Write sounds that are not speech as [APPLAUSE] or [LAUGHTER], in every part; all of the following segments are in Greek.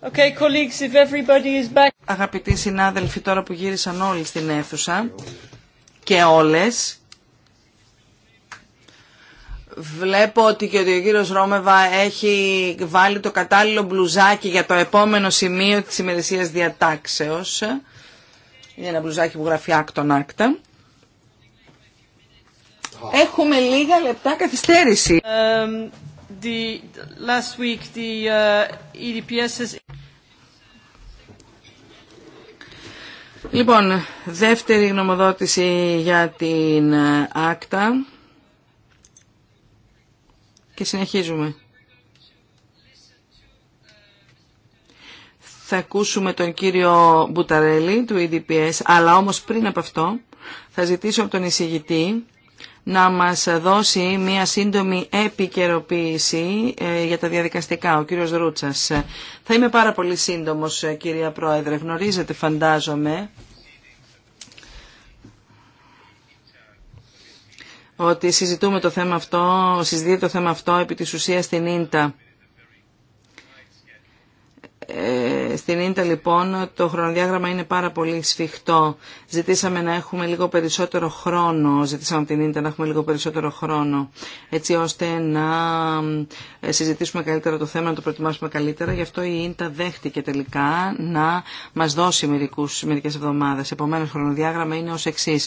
Okay, colleagues, if everybody is back... Αγαπητοί συνάδελφοι, τώρα που γύρισαν όλοι στην αίθουσα και όλες, βλέπω ότι και ο κύριος Ρόμεβα έχει βάλει το κατάλληλο μπλουζάκι για το επόμενο σημείο της ημερησίας διατάξεως. Είναι ένα μπλουζάκι που γράφει άκτον άκτα. Έχουμε λίγα λεπτά καθυστέρηση. Um... The last week the uh, EDPS Λοιπόν, δεύτερη γνωμοδότηση για την άκτα και συνεχίζουμε. Θα ακούσουμε τον κύριο Μπουταρέλη του EDPS, αλλά όμως πριν από αυτό θα ζητήσω από τον εισηγητή να μας δώσει μία σύντομη επικαιροποίηση ε, για τα διαδικαστικά, ο κύριος Ρούτσας. Θα είμαι πάρα πολύ σύντομος, ε, κυρία Πρόεδρε. Γνωρίζετε, φαντάζομαι, ότι συζητούμε το θέμα αυτό, συζητεί το θέμα αυτό επί της ουσίας στην Ίντα. Ε, στην Ίντα λοιπόν το χρονοδιάγραμμα είναι πάρα πολύ σφιχτό. Ζητήσαμε να έχουμε λίγο περισσότερο χρόνο, ζητήσαμε την Ίντα να έχουμε λίγο περισσότερο χρόνο, έτσι ώστε να ε, συζητήσουμε καλύτερα το θέμα, να το προετοιμάσουμε καλύτερα. Γι' αυτό η Ίντα δέχτηκε τελικά να μας δώσει μερικούς, μερικές εβδομάδες. Επομένως, χρονοδιάγραμμα είναι ως εξή.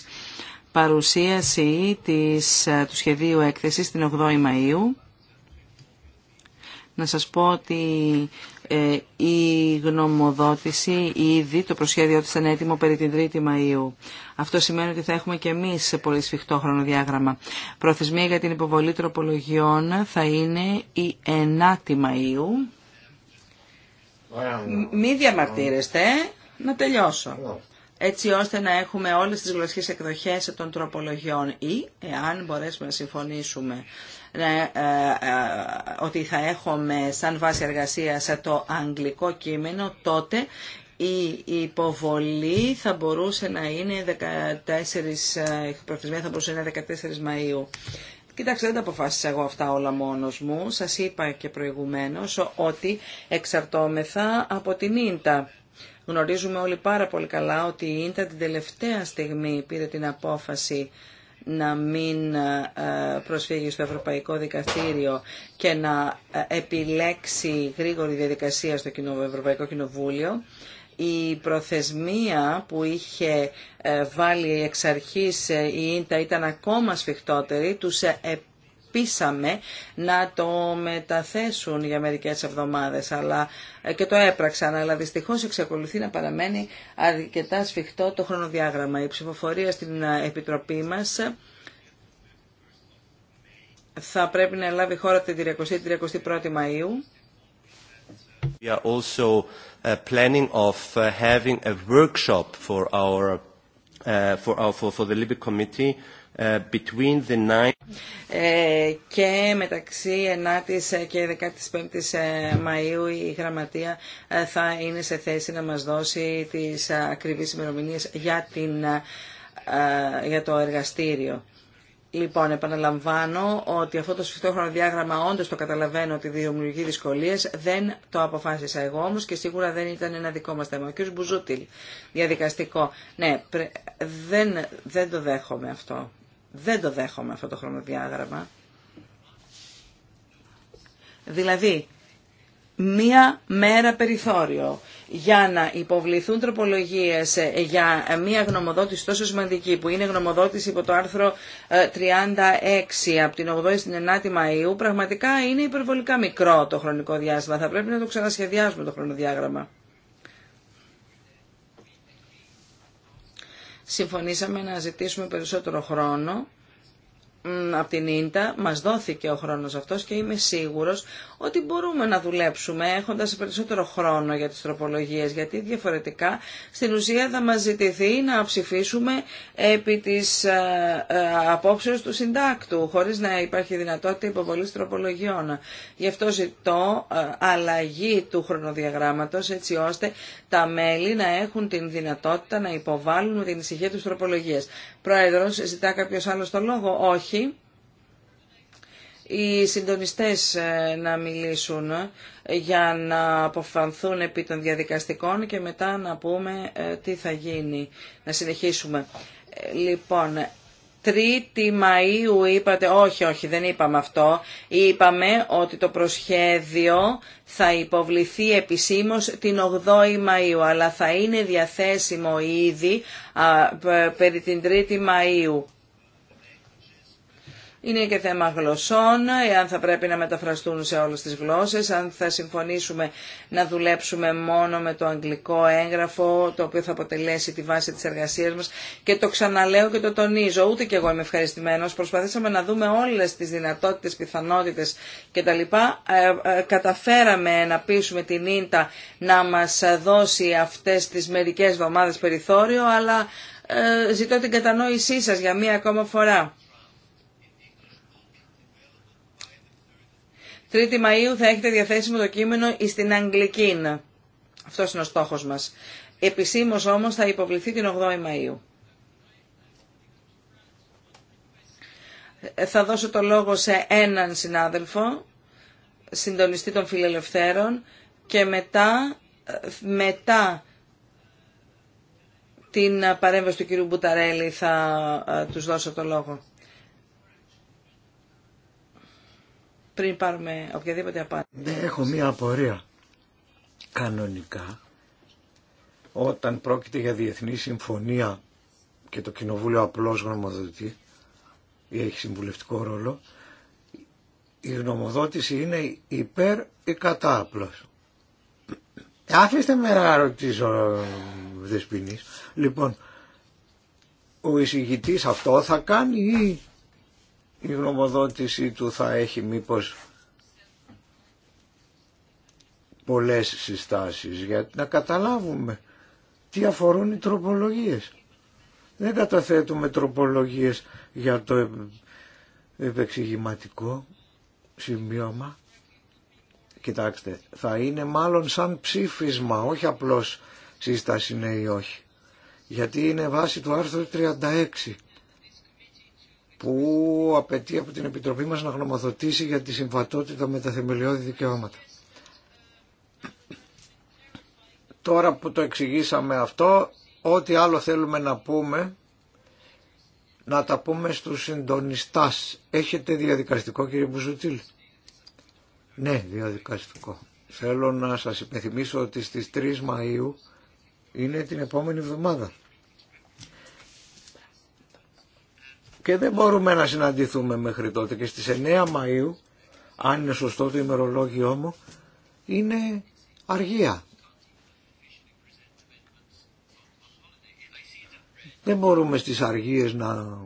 Παρουσίαση της, ε, του σχεδίου έκθεσης την 8η Μαΐου. Να σας πω ότι ε, η γνωμοδότηση ήδη, το προσχέδιο της ήταν έτοιμο περί την 3η Μαΐου. Αυτό σημαίνει ότι θα έχουμε και εμείς σε πολύ σφιχτό χρονοδιάγραμμα. Προθεσμία για την υποβολή τροπολογιών θα είναι η 9η Μαΐου. Μη διαμαρτύρεστε, να τελειώσω. Έτσι ώστε να έχουμε όλες τις γλωσσικές εκδοχές των τροπολογιών ή, εάν μπορέσουμε να συμφωνήσουμε ναι, ε, ε, ε, ότι θα έχουμε σαν βάση σε το αγγλικό κείμενο, τότε η υποβολή θα μπορούσε να είναι 14, θα μπορούσε να είναι 14 Μαΐου. Κοιτάξτε, δεν τα αποφάσισα εγώ αυτά όλα μόνος μου. Σας είπα και προηγουμένως ότι εξαρτώμεθα από την ίντα. Γνωρίζουμε όλοι πάρα πολύ καλά ότι η ίντα την τελευταία στιγμή πήρε την απόφαση να μην ε, προσφύγει στο Ευρωπαϊκό Δικαστήριο και να ε, επιλέξει γρήγορη διαδικασία στο Ευρωπαϊκό Κοινοβούλιο. Η προθεσμία που είχε ε, βάλει εξ αρχής η ΙΝΤΑ ήταν ακόμα σφιχτότερη. Τους Ελπίσαμε να το μεταθέσουν για μερικές εβδομάδες αλλά, ε, και το έπραξαν, αλλά δυστυχώς εξακολουθεί να παραμένει αρκετά σφιχτό το χρονοδιάγραμμα. Η ψηφοφορία στην ε, Επιτροπή μας θα πρέπει να λάβει χώρα την 30-31η Μαΐου. We are also ε, planning of having a workshop for our, for, our, for, the Committee ε, between the ε, και μεταξύ 9ης και 15ης ε, Μαΐου η Γραμματεία θα είναι σε θέση να μας δώσει τις ακριβείς ημερομηνίε για, για το εργαστήριο. Λοιπόν, επαναλαμβάνω ότι αυτό το σφιχτόχρονο διάγραμμα όντω το καταλαβαίνω ότι δημιουργεί δυσκολίε. Δεν το αποφάσισα εγώ όμω και σίγουρα δεν ήταν ένα δικό μα θέμα. Ο κ. Μπουζούτιλ, διαδικαστικό. Ναι, δεν, δεν το δέχομαι αυτό. Δεν το δέχομαι αυτό το χρονοδιάγραμμα. Δηλαδή, μία μέρα περιθώριο για να υποβληθούν τροπολογίες ε, για μία γνωμοδότηση τόσο σημαντική που είναι γνωμοδότηση υπό το άρθρο 36 ε, από την 8η στην 9η Μαΐου, πραγματικά είναι υπερβολικά μικρό το χρονικό διάστημα. Θα πρέπει να το ξανασχεδιάσουμε το χρονοδιάγραμμα. συμφωνήσαμε να ζητήσουμε περισσότερο χρόνο από την Ίντα. Μας δόθηκε ο χρόνος αυτός και είμαι σίγουρος ότι μπορούμε να δουλέψουμε έχοντας περισσότερο χρόνο για τις τροπολογίες, γιατί διαφορετικά στην ουσία θα μας ζητηθεί να ψηφίσουμε επί της ε, ε, απόψεως του συντάκτου, χωρίς να υπάρχει δυνατότητα υποβολής τροπολογιών. Γι' αυτό ζητώ ε, αλλαγή του χρονοδιαγράμματος, έτσι ώστε τα μέλη να έχουν την δυνατότητα να υποβάλουν την ησυχία του τροπολογίες. Προεδρό ζητά κάποιο άλλο το λόγο. Όχι οι συντονιστές ε, να μιλήσουν ε, για να αποφανθούν επί των διαδικαστικών και μετά να πούμε ε, τι θα γίνει, να συνεχίσουμε. Λοιπόν, 3η Μαΐου είπατε, όχι, όχι, δεν είπαμε αυτό, είπαμε ότι το προσχέδιο θα υποβληθεί επισήμως την 8η Μαΐου, αλλά θα είναι διαθέσιμο ήδη περί την 3η Μαΐου. Είναι και θέμα γλωσσών, εάν θα πρέπει να μεταφραστούν σε όλες τις γλώσσες, αν θα συμφωνήσουμε να δουλέψουμε μόνο με το αγγλικό έγγραφο, το οποίο θα αποτελέσει τη βάση της εργασίας μας. Και το ξαναλέω και το τονίζω, ούτε κι εγώ είμαι ευχαριστημένος. Προσπαθήσαμε να δούμε όλες τις δυνατότητες, πιθανότητες κτλ. Ε, ε, καταφέραμε να πείσουμε την Ίντα να μας δώσει αυτές τις μερικές εβδομάδες περιθώριο, αλλά ε, ζητώ την κατανόησή σας για μία ακόμα φορά. 3η Μαΐου θα έχετε διαθέσιμο το κείμενο στην Αγγλική. Αυτός είναι ο στόχος μας. Επίσημώ όμως θα υποβληθεί την 8η Μαΐου. Ε, θα δώσω το λόγο σε έναν συνάδελφο, συντονιστή των φιλελευθέρων και μετά, ε, μετά την παρέμβαση του κ. Μπουταρέλη θα ε, τους δώσω το λόγο. πριν ναι, Έχω μία απορία. Κανονικά, όταν πρόκειται για διεθνή συμφωνία και το Κοινοβούλιο απλώς γνωμοδοτεί ή έχει συμβουλευτικό ρόλο, η γνωμοδότηση είναι υπέρ ή κατά απλώς. Άφηστε με να ρωτήσω Δεσποινής. Λοιπόν, ο εισηγητής αυτό θα κάνει ή η γνωμοδότησή του θα έχει μήπως πολλές συστάσεις για να καταλάβουμε τι αφορούν οι τροπολογίες. Δεν καταθέτουμε τροπολογίες για το επεξηγηματικό σημείωμα. Κοιτάξτε, θα είναι μάλλον σαν ψήφισμα, όχι απλώς σύσταση ναι ή όχι. Γιατί είναι βάση του άρθρου 36 που απαιτεί από την Επιτροπή μας να γνωμοδοτήσει για τη συμβατότητα με τα θεμελιώδη δικαιώματα. Τώρα που το εξηγήσαμε αυτό, ό,τι άλλο θέλουμε να πούμε, να τα πούμε στους συντονιστάς. Έχετε διαδικαστικό κύριε Μπουζουτήλ. Ναι, διαδικαστικό. Θέλω να σας υπενθυμίσω ότι στις 3 Μαΐου είναι την επόμενη εβδομάδα. και δεν μπορούμε να συναντηθούμε μέχρι τότε και στις 9 Μαΐου αν είναι σωστό το ημερολόγιό μου είναι αργία δεν μπορούμε στις αργίες να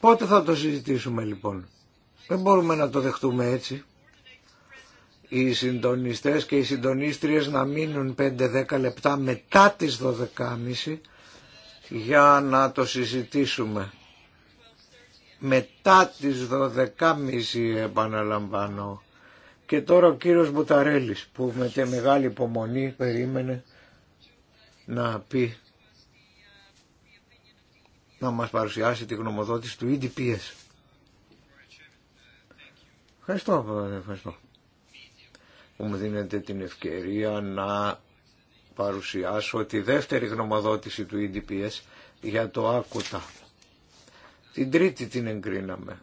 Πότε θα το συζητήσουμε λοιπόν. Δεν μπορούμε να το δεχτούμε έτσι οι συντονιστές και οι συντονίστριες να μείνουν 5-10 λεπτά μετά τις 12.30 για να το συζητήσουμε. Μετά τις 12.30 επαναλαμβάνω. Και τώρα ο κύριος Μπουταρέλης που με τη μεγάλη υπομονή περίμενε να πει να μας παρουσιάσει τη γνωμοδότηση του EDPS. Ευχαριστώ, ευχαριστώ που μου δίνετε την ευκαιρία να παρουσιάσω τη δεύτερη γνωμοδότηση του EDPS για το άκουτα. Την τρίτη την εγκρίναμε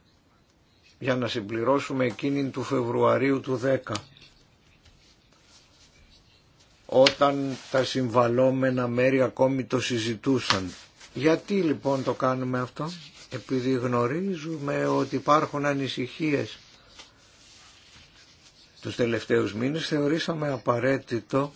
για να συμπληρώσουμε εκείνη του Φεβρουαρίου του 10 όταν τα συμβαλόμενα μέρη ακόμη το συζητούσαν. Γιατί λοιπόν το κάνουμε αυτό, επειδή γνωρίζουμε ότι υπάρχουν ανησυχίες τους τελευταίους μήνες θεωρήσαμε απαραίτητο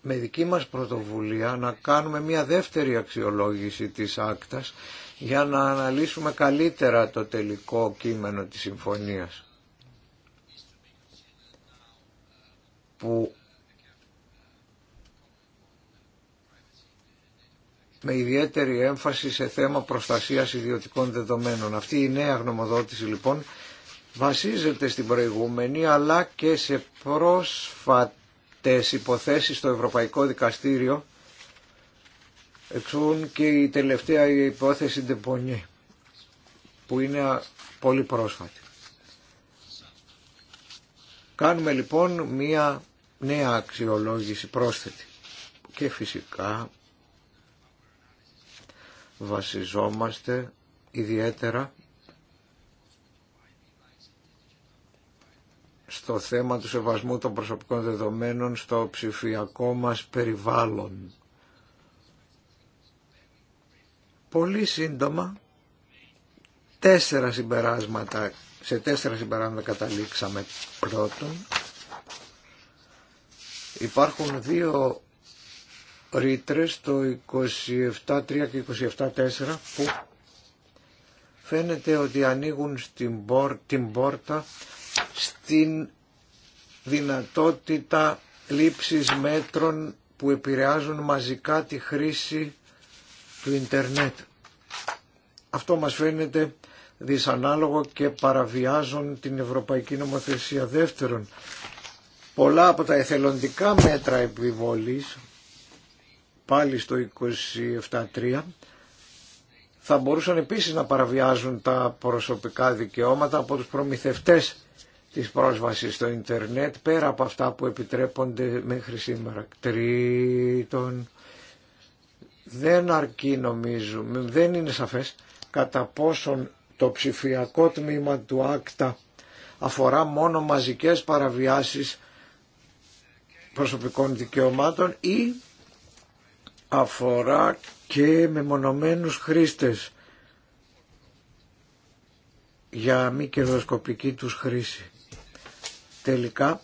με δική μας πρωτοβουλία να κάνουμε μια δεύτερη αξιολόγηση της άκτας για να αναλύσουμε καλύτερα το τελικό κείμενο της συμφωνίας που με ιδιαίτερη έμφαση σε θέμα προστασίας ιδιωτικών δεδομένων. Αυτή η νέα γνωμοδότηση λοιπόν βασίζεται στην προηγούμενη αλλά και σε πρόσφατες υποθέσεις στο Ευρωπαϊκό Δικαστήριο εξούν και η τελευταία υπόθεση Ντεπονιέ που είναι πολύ πρόσφατη. Κάνουμε λοιπόν μία νέα αξιολόγηση πρόσθετη και φυσικά βασιζόμαστε ιδιαίτερα στο θέμα του σεβασμού των προσωπικών δεδομένων στο ψηφιακό μας περιβάλλον. Πολύ σύντομα, τέσσερα συμπεράσματα, σε τέσσερα συμπεράσματα καταλήξαμε. Πρώτον, υπάρχουν δύο ρήτρε το 27.3 και 27.4 που φαίνεται ότι ανοίγουν στην την πόρτα στην δυνατότητα λήψης μέτρων που επηρεάζουν μαζικά τη χρήση του ίντερνετ. Αυτό μας φαίνεται δυσανάλογο και παραβιάζουν την Ευρωπαϊκή Νομοθεσία. Δεύτερον, πολλά από τα εθελοντικά μέτρα επιβολής, πάλι στο 27.3, θα μπορούσαν επίσης να παραβιάζουν τα προσωπικά δικαιώματα από τους προμηθευτές της πρόσβασης στο ίντερνετ πέρα από αυτά που επιτρέπονται μέχρι σήμερα. Τρίτον, δεν αρκεί νομίζουμε, δεν είναι σαφές κατά πόσον το ψηφιακό τμήμα του άκτα αφορά μόνο μαζικές παραβιάσεις προσωπικών δικαιωμάτων ή αφορά και μεμονωμένους χρήστες για μη κερδοσκοπική τους χρήση. Τελικά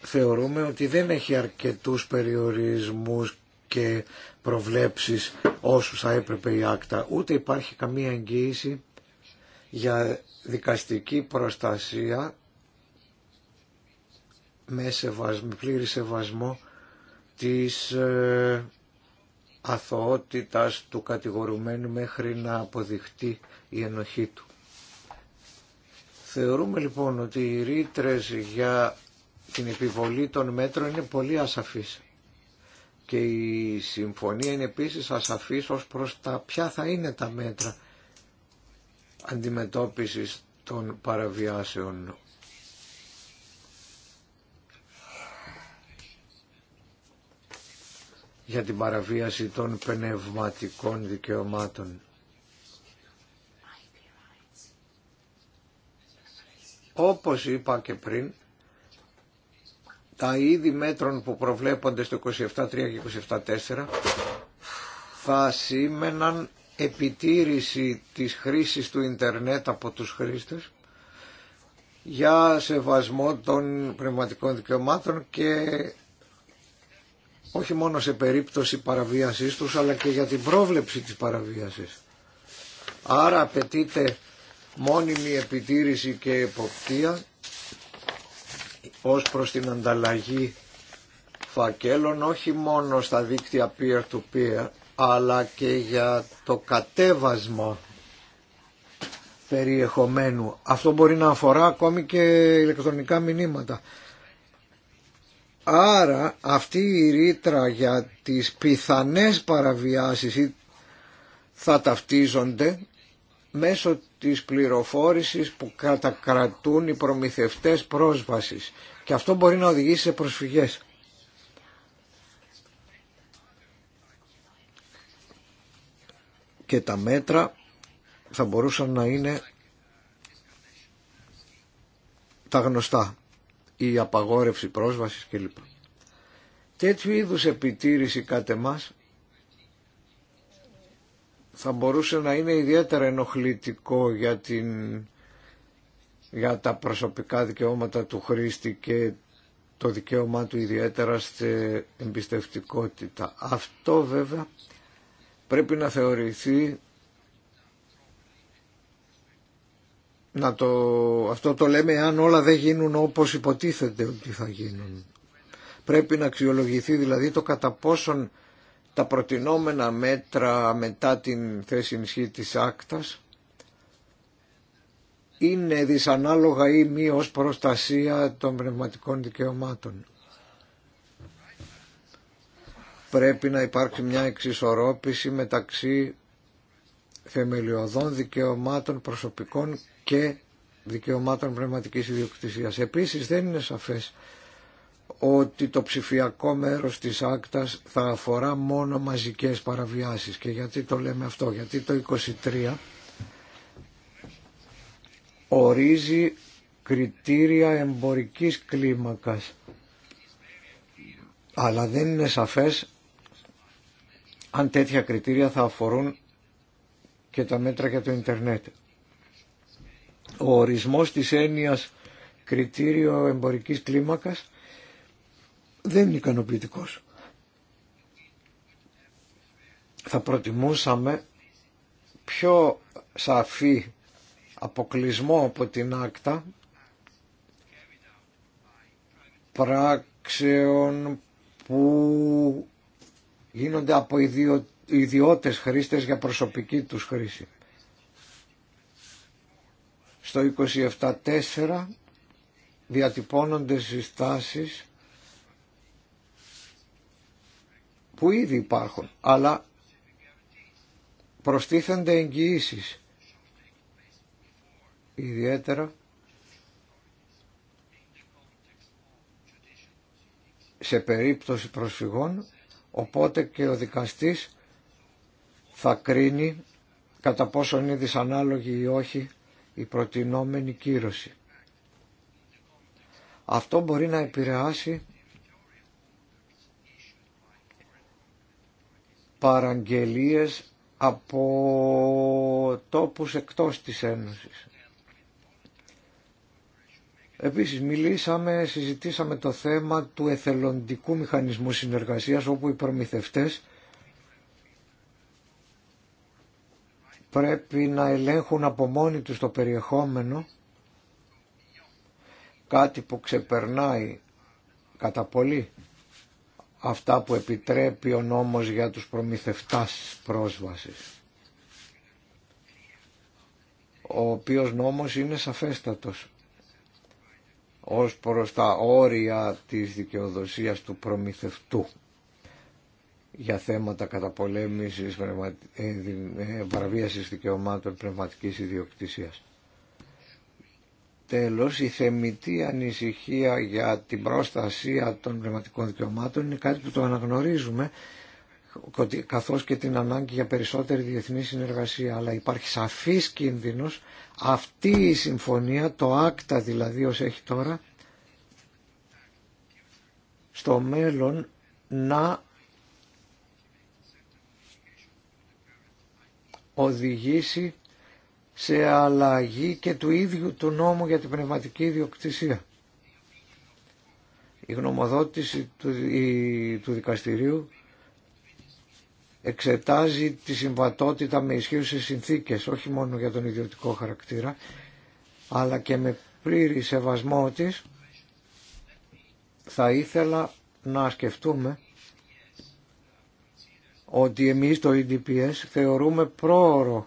θεωρούμε ότι δεν έχει αρκετούς περιορισμούς και προβλέψεις όσους θα έπρεπε η άκτα. Ούτε υπάρχει καμία εγγύηση για δικαστική προστασία με με πλήρη σεβασμό της ε, αθωότητας του κατηγορουμένου μέχρι να αποδειχτεί η ενοχή του. Θεωρούμε λοιπόν ότι οι ρήτρε για την επιβολή των μέτρων είναι πολύ ασαφείς και η συμφωνία είναι επίσης ασαφής ως προς τα ποια θα είναι τα μέτρα αντιμετώπισης των παραβιάσεων. για την παραβίαση των πνευματικών δικαιωμάτων. Όπως είπα και πριν, τα είδη μέτρων που προβλέπονται στο 27.3 και 27.4 θα σήμαιναν επιτήρηση της χρήσης του Ιντερνετ από τους χρήστες για σεβασμό των πνευματικών δικαιωμάτων και όχι μόνο σε περίπτωση παραβίασής τους αλλά και για την πρόβλεψη της παραβίασης. Άρα απαιτείται μόνιμη επιτήρηση και εποπτεία ως προς την ανταλλαγή φακέλων όχι μόνο στα δίκτυα peer-to-peer -peer, to peer αλλα και για το κατέβασμα περιεχομένου. Αυτό μπορεί να αφορά ακόμη και ηλεκτρονικά μηνύματα. Άρα αυτή η ρήτρα για τις πιθανές παραβιάσεις θα ταυτίζονται μέσω της πληροφόρησης που κατακρατούν οι προμηθευτές πρόσβασης και αυτό μπορεί να οδηγήσει σε προσφυγές. Και τα μέτρα θα μπορούσαν να είναι τα γνωστά, η απαγόρευση πρόσβασης κλπ. Τέτοιου είδους επιτήρηση κάτε θα μπορούσε να είναι ιδιαίτερα ενοχλητικό για, την, για τα προσωπικά δικαιώματα του χρήστη και το δικαίωμά του ιδιαίτερα στην εμπιστευτικότητα. Αυτό βέβαια πρέπει να θεωρηθεί να το, αυτό το λέμε αν όλα δεν γίνουν όπως υποτίθεται ότι θα γίνουν. Πρέπει να αξιολογηθεί δηλαδή το κατά πόσον τα προτινόμενα μέτρα μετά την θέση ενισχύ της άκτας είναι δυσανάλογα ή μη ως προστασία των πνευματικών δικαιωμάτων. Πρέπει να υπάρξει μια εξισορρόπηση μεταξύ θεμελιωδών δικαιωμάτων προσωπικών και δικαιωμάτων πνευματικής ιδιοκτησίας. Επίσης δεν είναι σαφές ότι το ψηφιακό μέρος της άκτας θα αφορά μόνο μαζικές παραβιάσεις. Και γιατί το λέμε αυτό, γιατί το 23 ορίζει κριτήρια εμπορικής κλίμακας. Αλλά δεν είναι σαφές αν τέτοια κριτήρια θα αφορούν και τα μέτρα για το ίντερνετ. Ο ορισμός της έννοιας κριτήριο εμπορικής κλίμακας δεν είναι ικανοποιητικός. Θα προτιμούσαμε πιο σαφή αποκλεισμό από την άκτα πράξεων που γίνονται από ιδιω, ιδιώτες χρήστες για προσωπική τους χρήση. Στο 27.4 διατυπώνονται συστάσεις που ήδη υπάρχουν, αλλά προστίθενται εγγυήσει. Ιδιαίτερα σε περίπτωση προσφυγών, οπότε και ο δικαστής θα κρίνει κατά πόσον είναι δυσανάλογη ή όχι η προτινόμενη κύρωση. Αυτό μπορεί να επηρεάσει παραγγελίες από τόπους εκτός της Ένωσης. Επίσης μιλήσαμε, συζητήσαμε το θέμα του εθελοντικού μηχανισμού συνεργασίας όπου οι προμηθευτές πρέπει να ελέγχουν από μόνοι τους το περιεχόμενο κάτι που ξεπερνάει κατά πολύ αυτά που επιτρέπει ο νόμος για τους προμηθευτάς πρόσβασης ο οποίος νόμος είναι σαφέστατος ως προς τα όρια της δικαιοδοσίας του προμηθευτού για θέματα καταπολέμησης ε, ε, παραβίασης δικαιωμάτων πνευματικής ιδιοκτησίας. Τέλος, η θεμητή ανησυχία για την προστασία των πνευματικών δικαιωμάτων είναι κάτι που το αναγνωρίζουμε καθώς και την ανάγκη για περισσότερη διεθνή συνεργασία. Αλλά υπάρχει σαφής κίνδυνος αυτή η συμφωνία, το άκτα δηλαδή ως έχει τώρα, στο μέλλον να οδηγήσει σε αλλαγή και του ίδιου του νόμου για την πνευματική ιδιοκτησία. Η γνωμοδότηση του, δικαστηρίου εξετάζει τη συμβατότητα με ισχύουσες συνθήκες, όχι μόνο για τον ιδιωτικό χαρακτήρα, αλλά και με πλήρη σεβασμό της, θα ήθελα να σκεφτούμε ότι εμείς το EDPS θεωρούμε πρόωρο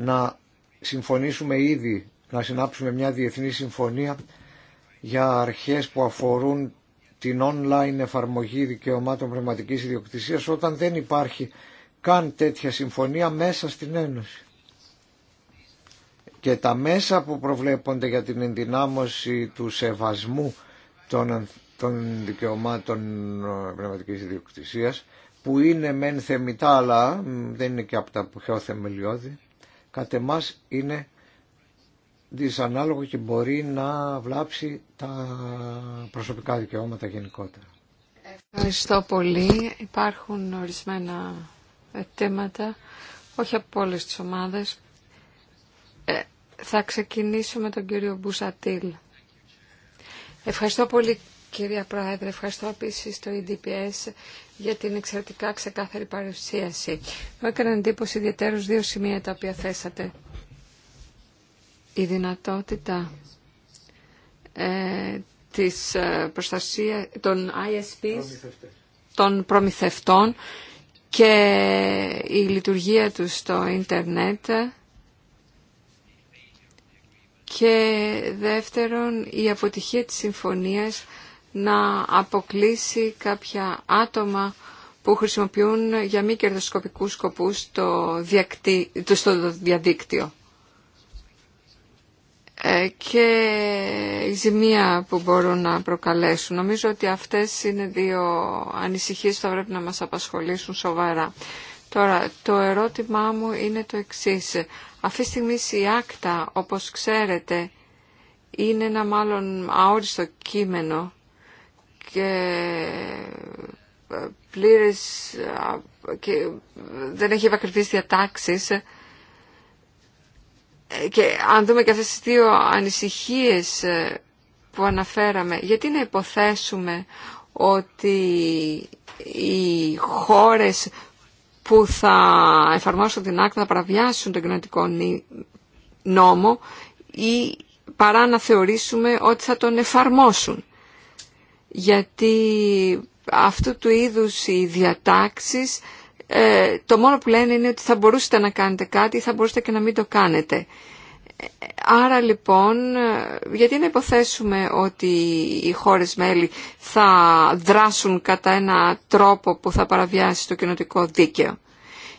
να συμφωνήσουμε ήδη, να συνάψουμε μια διεθνή συμφωνία για αρχές που αφορούν την online εφαρμογή δικαιωμάτων πνευματικής ιδιοκτησίας όταν δεν υπάρχει καν τέτοια συμφωνία μέσα στην Ένωση. Και τα μέσα που προβλέπονται για την ενδυνάμωση του σεβασμού των, των δικαιωμάτων ε, πνευματικής ιδιοκτησίας που είναι μεν θεμητά αλλά δεν είναι και από τα πιο θεμελιώδη κατ' εμάς είναι δυσανάλογο και μπορεί να βλάψει τα προσωπικά δικαιώματα γενικότερα. Ευχαριστώ πολύ. Υπάρχουν ορισμένα θέματα, όχι από όλες τις ομάδες. Ε, θα ξεκινήσω με τον κύριο Μπουσατήλ. Ευχαριστώ πολύ Κυρία Πρόεδρε, ευχαριστώ επίση το EDPS για την εξαιρετικά ξεκάθαρη παρουσίαση. Μου έκανε εντύπωση ιδιαίτερου δύο σημεία τα οποία θέσατε. Η δυνατότητα ε, της ε, προστασίας των ISP, των προμηθευτών και η λειτουργία τους στο ίντερνετ και δεύτερον η αποτυχία της συμφωνίας να αποκλείσει κάποια άτομα που χρησιμοποιούν για μη κερδοσκοπικούς σκοπούς το, στο διαδίκτυο. Ε, και η ζημία που μπορούν να προκαλέσουν. Νομίζω ότι αυτές είναι δύο ανησυχίες που θα πρέπει να μας απασχολήσουν σοβαρά. Τώρα, το ερώτημά μου είναι το εξής. Αυτή τη στιγμή η άκτα, όπως ξέρετε, είναι ένα μάλλον αόριστο κείμενο και ε, πλήρες και δεν έχει επακριβείς διατάξεις ε, και αν δούμε και αυτές τις δύο ανησυχίες ε, που αναφέραμε, γιατί να υποθέσουμε ότι οι χώρες που θα εφαρμόσουν την άκτα θα παραβιάσουν τον κοινωνικό νόμο ή παρά να θεωρήσουμε ότι θα τον εφαρμόσουν γιατί αυτού του είδους οι διατάξεις ε, το μόνο που λένε είναι ότι θα μπορούσατε να κάνετε κάτι ή θα μπορούσατε και να μην το κάνετε. Άρα λοιπόν, ε, γιατί να υποθέσουμε ότι οι χώρες μέλη θα δράσουν κατά ένα τρόπο που θα παραβιάσει το κοινοτικό δίκαιο.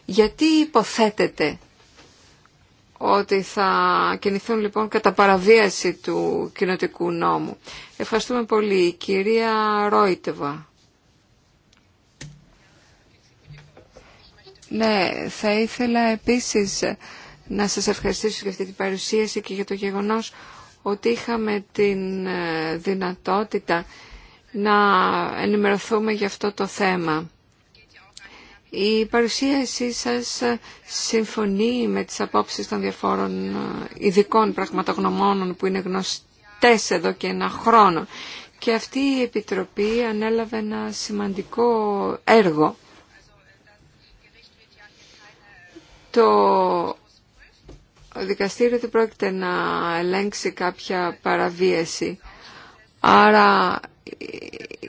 Γιατί υποθέτεται ότι θα κινηθούν λοιπόν κατά παραβίαση του κοινοτικού νόμου. Ευχαριστούμε πολύ. Κυρία Ρόιτεβα. Ναι, θα ήθελα επίσης να σας ευχαριστήσω για αυτή την παρουσίαση και για το γεγονός ότι είχαμε την ε, δυνατότητα να ενημερωθούμε για αυτό το θέμα. Η παρουσίασή σας συμφωνεί με τις απόψεις των διαφόρων ε, ειδικών πραγματογνωμόνων που είναι γνωστές εδώ και ένα χρόνο. Και αυτή η Επιτροπή ανέλαβε ένα σημαντικό έργο. Το δικαστήριο δεν πρόκειται να ελέγξει κάποια παραβίαση. Άρα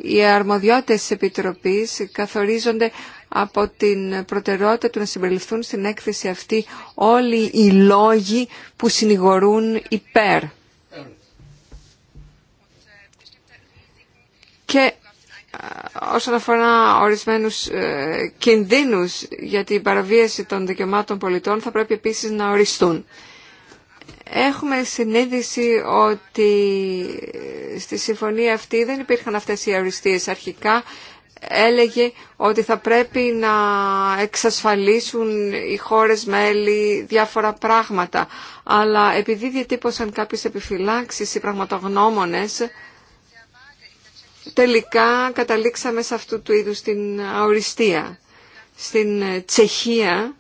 οι αρμοδιότητες της Επιτροπής καθορίζονται από την προτεραιότητα του να συμπεριληφθούν στην έκθεση αυτή όλοι οι λόγοι που συνηγορούν υπέρ. Και ε, όσον αφορά ορισμένους ε, κινδύνους για την παραβίαση των δικαιωμάτων πολιτών θα πρέπει επίσης να οριστούν. Έχουμε συνείδηση ότι ε, στη συμφωνία αυτή δεν υπήρχαν αυτές οι αριστείες. Αρχικά έλεγε ότι θα πρέπει να εξασφαλίσουν οι χώρες μέλη διάφορα πράγματα. Αλλά επειδή διατύπωσαν κάποιες επιφυλάξεις οι πραγματογνώμονες, τελικά καταλήξαμε σε αυτού του είδους την αοριστία. Στην Τσεχία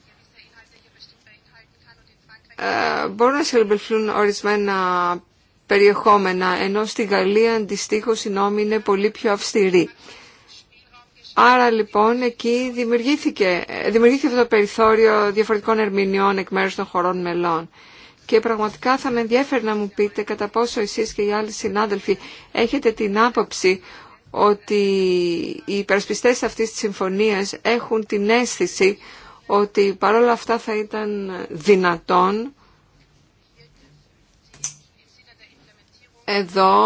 ε, μπορούν να συλλεμπευθούν ορισμένα περιεχόμενα, ενώ στη Γαλλία αντιστοίχως οι νόμοι είναι πολύ πιο αυστηροί. Άρα λοιπόν εκεί δημιουργήθηκε, δημιουργήθηκε αυτό το περιθώριο διαφορετικών ερμηνεών εκ μέρους των χωρών μελών. Και πραγματικά θα με ενδιαφέρει να μου πείτε κατά πόσο εσείς και οι άλλοι συνάδελφοι έχετε την άποψη ότι οι υπερασπιστές αυτής της συμφωνίας έχουν την αίσθηση ότι παρόλα αυτά θα ήταν δυνατόν εδώ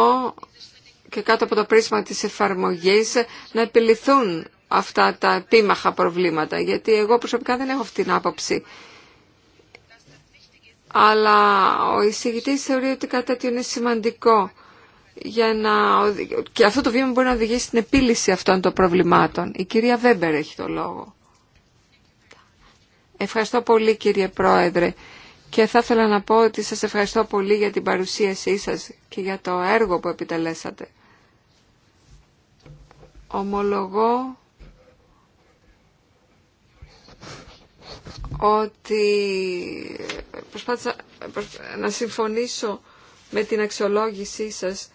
και κάτω από το πρίσμα της εφαρμογής να επιληθούν αυτά τα επίμαχα προβλήματα, γιατί εγώ προσωπικά δεν έχω αυτή την άποψη. Αλλά ο εισηγητής θεωρεί ότι κάτι τέτοιο είναι σημαντικό για να... και αυτό το βήμα μπορεί να οδηγήσει στην επίλυση αυτών των προβλημάτων. Η κυρία Βέμπερ έχει το λόγο. Ευχαριστώ πολύ κύριε Πρόεδρε και θα ήθελα να πω ότι σας ευχαριστώ πολύ για την παρουσίασή σας και για το έργο που επιτελέσατε ομολογώ ότι προσπάθησα να συμφωνήσω με την αξιολόγησή σας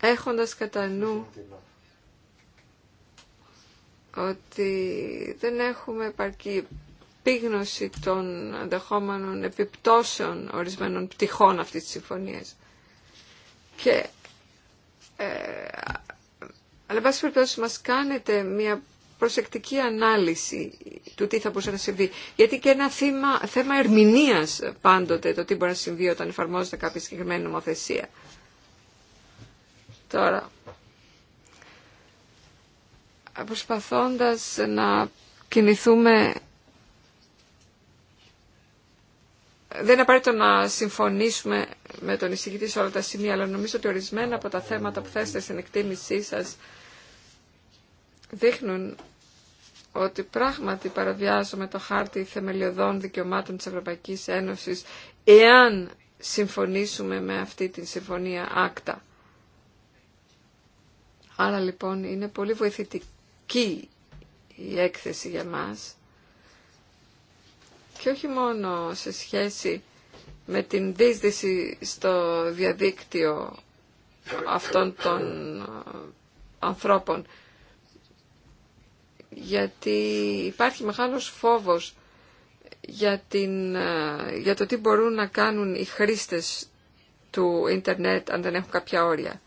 έχοντας κατά νου ότι δεν έχουμε επαρκή πίγνωση των ενδεχόμενων επιπτώσεων ορισμένων πτυχών αυτής της συμφωνίας. Και ε, αλλά, εν πάση περιπτώσει, μας κάνετε μια προσεκτική ανάλυση του τι θα μπορούσε να συμβεί. Γιατί και ένα θέμα, θέμα ερμηνείας πάντοτε το τι μπορεί να συμβεί όταν εφαρμόζεται κάποια συγκεκριμένη νομοθεσία. Τώρα, προσπαθώντας να κινηθούμε δεν είναι απαραίτητο να συμφωνήσουμε με τον εισηγητή σε όλα τα σημεία, αλλά νομίζω ότι ορισμένα από τα θέματα που θέσετε στην εκτίμησή σας δείχνουν ότι πράγματι παραβιάζουμε το χάρτη θεμελιωδών δικαιωμάτων της Ευρωπαϊκής Ένωσης εάν συμφωνήσουμε με αυτή τη συμφωνία άκτα. Άρα λοιπόν είναι πολύ βοηθητική η έκθεση για μας και όχι μόνο σε σχέση με την δίσδυση στο διαδίκτυο αυτών των ε, ανθρώπων. Γιατί υπάρχει μεγάλος φόβος για, ε, για το τι μπορούν να κάνουν οι χρήστες του ίντερνετ αν δεν έχουν κάποια όρια.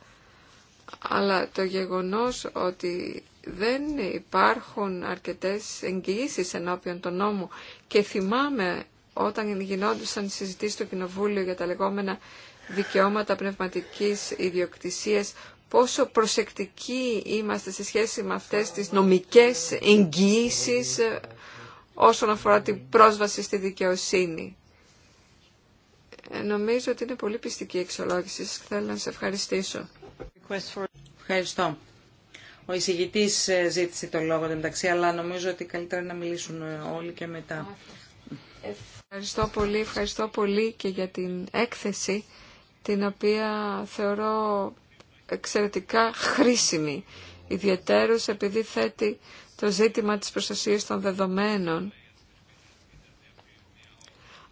Αλλά το γεγονός ότι δεν υπάρχουν αρκετές εγγυήσεις ενώπιον των νόμων και θυμάμαι όταν γινόντουσαν συζητήσεις στο Κοινοβούλιο για τα λεγόμενα δικαιώματα πνευματικής ιδιοκτησίας, πόσο προσεκτικοί είμαστε σε σχέση με αυτές τις νομικές εγγυήσεις ε, όσον αφορά την πρόσβαση στη δικαιοσύνη. Ε, νομίζω ότι είναι πολύ πιστική η εξολόγηση. Θέλω να σε ευχαριστήσω. Ευχαριστώ. Ο εισηγητή ε, ζήτησε το λόγο εντάξει, αλλά νομίζω ότι καλύτερα να μιλήσουν όλοι και μετά. Ευχαριστώ πολύ, ευχαριστώ πολύ και για την έκθεση την οποία θεωρώ εξαιρετικά χρήσιμη, ιδιαίτερως επειδή θέτει το ζήτημα της προστασίας των δεδομένων.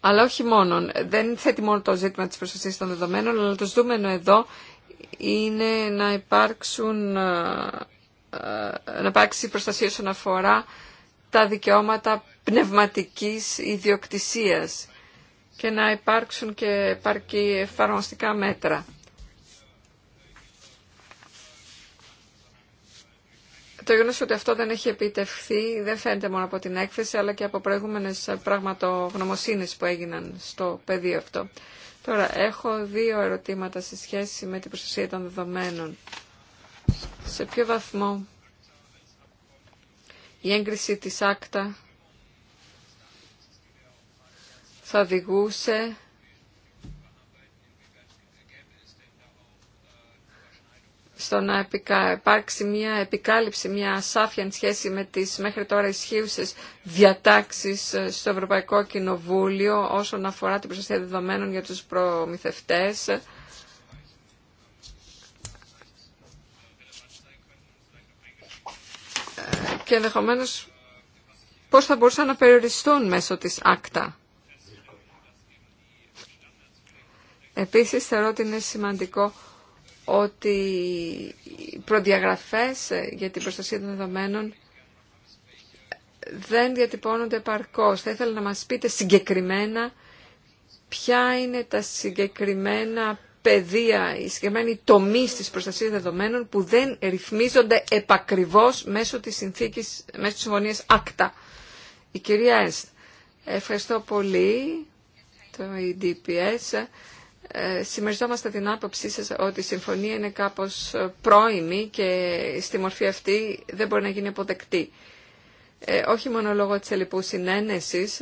Αλλά όχι μόνο, δεν θέτει μόνο το ζήτημα της προστασίας των δεδομένων, αλλά το ζητούμενο εδώ είναι να υπάρξουν ε, ε, να υπάρξει προστασία όσον αφορά τα δικαιώματα πνευματικής ιδιοκτησίας και να υπάρξουν και επαρκή εφαρμοστικά μέτρα. Το γεγονό ότι αυτό δεν έχει επιτευχθεί δεν φαίνεται μόνο από την έκθεση αλλά και από προηγούμενε πραγματογνωμοσύνε που έγιναν στο πεδίο αυτό. Τώρα, έχω δύο ερωτήματα σε σχέση με την προστασία των δεδομένων. Σε ποιο βαθμό η έγκριση της άκτα θα οδηγούσε στο να υπάρξει μια επικάλυψη, μια σάφια σχέση με τις μέχρι τώρα ισχύουσες διατάξεις ε, στο Ευρωπαϊκό Κοινοβούλιο όσον αφορά την προστασία δεδομένων για τους προμηθευτές και ενδεχομένως πώς θα μπορούσαν να περιοριστούν μέσω της άκτα. Επίσης θεωρώ ότι είναι σημαντικό ότι οι προδιαγραφές ε, για την προστασία των δεδομένων δεν διατυπώνονται παρκώς. Θα ήθελα να μας πείτε συγκεκριμένα ποια είναι τα συγκεκριμένα πεδία, οι συγκεκριμένοι τομεί τη προστασία δεδομένων που δεν ρυθμίζονται επακριβώ μέσω τη συνθήκη, μέσω τη συμφωνία ΑΚΤΑ. Η κυρία Ένστ, ευχαριστώ πολύ το EDPS. Ε, συμμεριζόμαστε την άποψή σας ότι η συμφωνία είναι κάπως πρόημη και στη μορφή αυτή δεν μπορεί να γίνει αποδεκτή. Ε, όχι μόνο λόγω της ελληπού συνένεσης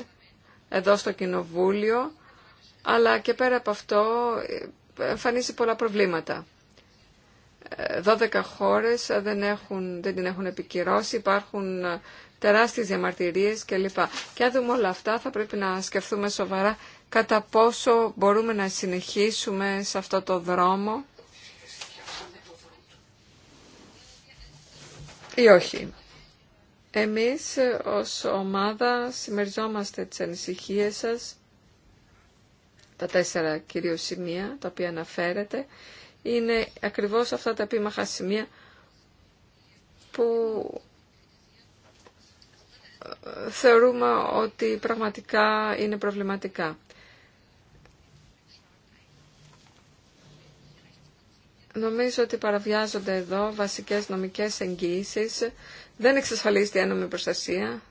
εδώ στο Κοινοβούλιο, αλλά και πέρα από αυτό εμφανίζει πολλά προβλήματα. 12 ε, χώρες δεν, έχουν, δεν την έχουν επικυρώσει, υπάρχουν ε, τεράστιες διαμαρτυρίες κλπ. Και αν δούμε όλα αυτά θα πρέπει να σκεφτούμε σοβαρά κατά πόσο μπορούμε να συνεχίσουμε σε αυτό το δρόμο ή όχι. Εμείς ε, ως ομάδα συμμεριζόμαστε τις ανησυχίες σας τα τέσσερα κυρίως σημεία τα οποία αναφέρεται, είναι ακριβώς αυτά τα επίμαχα σημεία που ε, θεωρούμε ότι πραγματικά είναι προβληματικά. Νομίζω ότι παραβιάζονται εδώ βασικές νομικές εγγύησεις, δεν εξασφαλίζεται η ένωμη προστασία,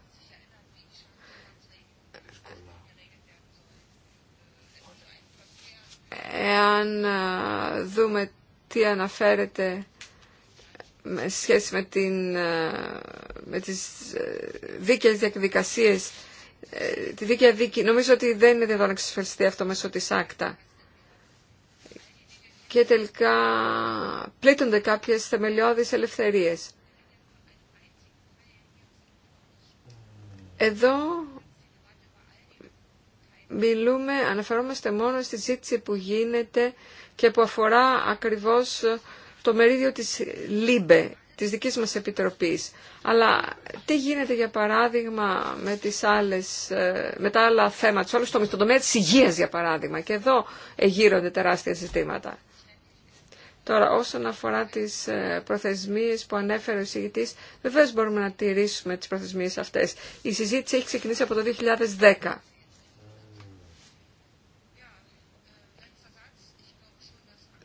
Εάν δούμε τι αναφέρεται σε σχέση με, την, με τις ε, δίκαιες διακδικασίες, ε, τη δίκαια δίκη, νομίζω ότι δεν είναι δυνατόν να εξασφαλιστεί αυτό μέσω της άκτα. Και τελικά πλήττονται κάποιες θεμελιώδεις ελευθερίες. Εδώ μιλούμε, αναφερόμαστε μόνο στη ζήτηση που γίνεται και που αφορά ακριβώς το μερίδιο της ΛΥΜΠΕ, της δικής μας Επιτροπής. Αλλά τι γίνεται για παράδειγμα με, τις άλλες, ε, με τα άλλα θέματα, τους άλλους τομείς, στον τομέα της υγείας για παράδειγμα. Και εδώ εγείρονται τεράστια συστήματα. Τώρα, όσον αφορά τις ε, προθεσμίες που ανέφερε ο εισηγητής, βεβαίως μπορούμε να τηρήσουμε τις προθεσμίες αυτές. Η συζήτηση έχει ξεκινήσει από το 2010.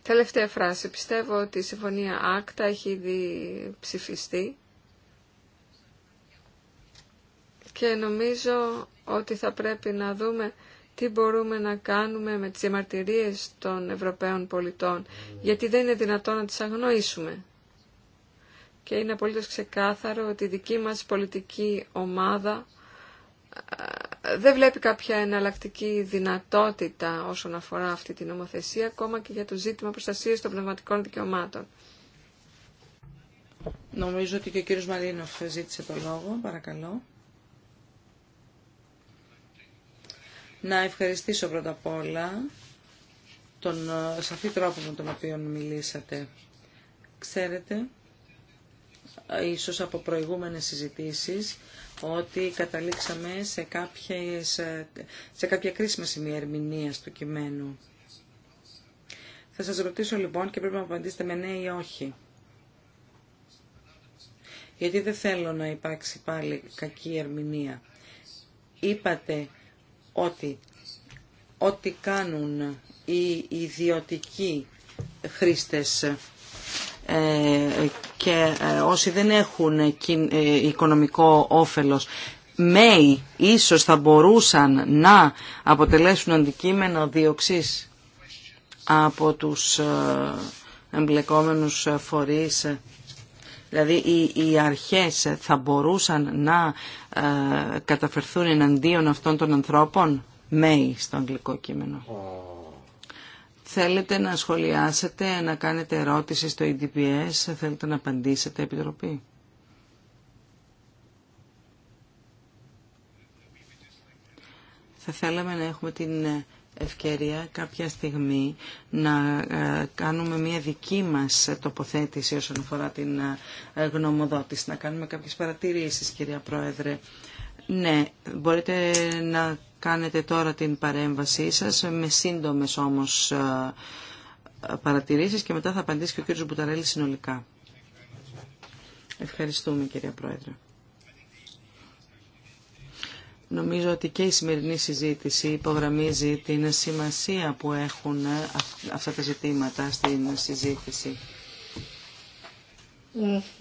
Τελευταία φράση. Πιστεύω ότι η συμφωνία ΑΚΤΑ έχει ήδη ψηφιστεί και νομίζω ότι θα πρέπει να δούμε τι μπορούμε να κάνουμε με τις διαμαρτυρίες των Ευρωπαίων πολιτών, γιατί δεν είναι δυνατόν να τις αγνοήσουμε. Και είναι απολύτως ξεκάθαρο ότι η δική μας πολιτική ομάδα δεν βλέπει κάποια εναλλακτική δυνατότητα όσον αφορά αυτή την νομοθεσία, ακόμα και για το ζήτημα προστασίας των πνευματικών δικαιωμάτων. Νομίζω ότι και ο κύριος Μαλίνοφ ζήτησε το λόγο. Παρακαλώ. Να ευχαριστήσω πρώτα απ' όλα τον ε, σαφή τρόπο με τον οποίο μιλήσατε. Ξέρετε, ε, ίσως από προηγούμενες συζητήσεις, ότι καταλήξαμε σε, κάποιες, σε κάποια κρίσιμα σημεία ερμηνεία του κειμένου. Θα σας ρωτήσω λοιπόν και πρέπει να απαντήσετε με ναι ή όχι. Γιατί δεν θέλω να υπάρξει πάλι κακή ερμηνεία. Είπατε ότι ό,τι κάνουν οι ιδιωτικοί χρήστες και ε, όσοι δεν έχουν ε, ε, οικονομικό όφελος ΜΕΙ ίσως θα μπορούσαν να αποτελέσουν αντικείμενο διοξής από τους εμπλεκόμενους φορείς. Δηλαδή οι αρχές θα μπορούσαν να καταφερθούν εναντίον αυτών των ανθρώπων ΜΕΙ στο αγγλικό κείμενο. Θέλετε να σχολιάσετε, να κάνετε ερώτηση στο EDPS, θέλετε να απαντήσετε, Επιτροπή. Θα θέλαμε να έχουμε την ευκαιρία κάποια στιγμή να ε, κάνουμε μια δική μας τοποθέτηση όσον αφορά την ε, γνωμοδότηση, να κάνουμε κάποιες παρατηρήσεις, κυρία Πρόεδρε. Ναι, μπορείτε να κάνετε τώρα την παρέμβασή σας με σύντομες όμως ε, παρατηρήσεις και μετά θα απαντήσει και ο κύριος Μπουταρέλη συνολικά. Ευχαριστούμε κυρία Πρόεδρε. Νομίζω ότι και η σημερινή συζήτηση υπογραμμίζει την σημασία που έχουν ε, αυτά τα ζητήματα στην συζήτηση. [LAUGHS]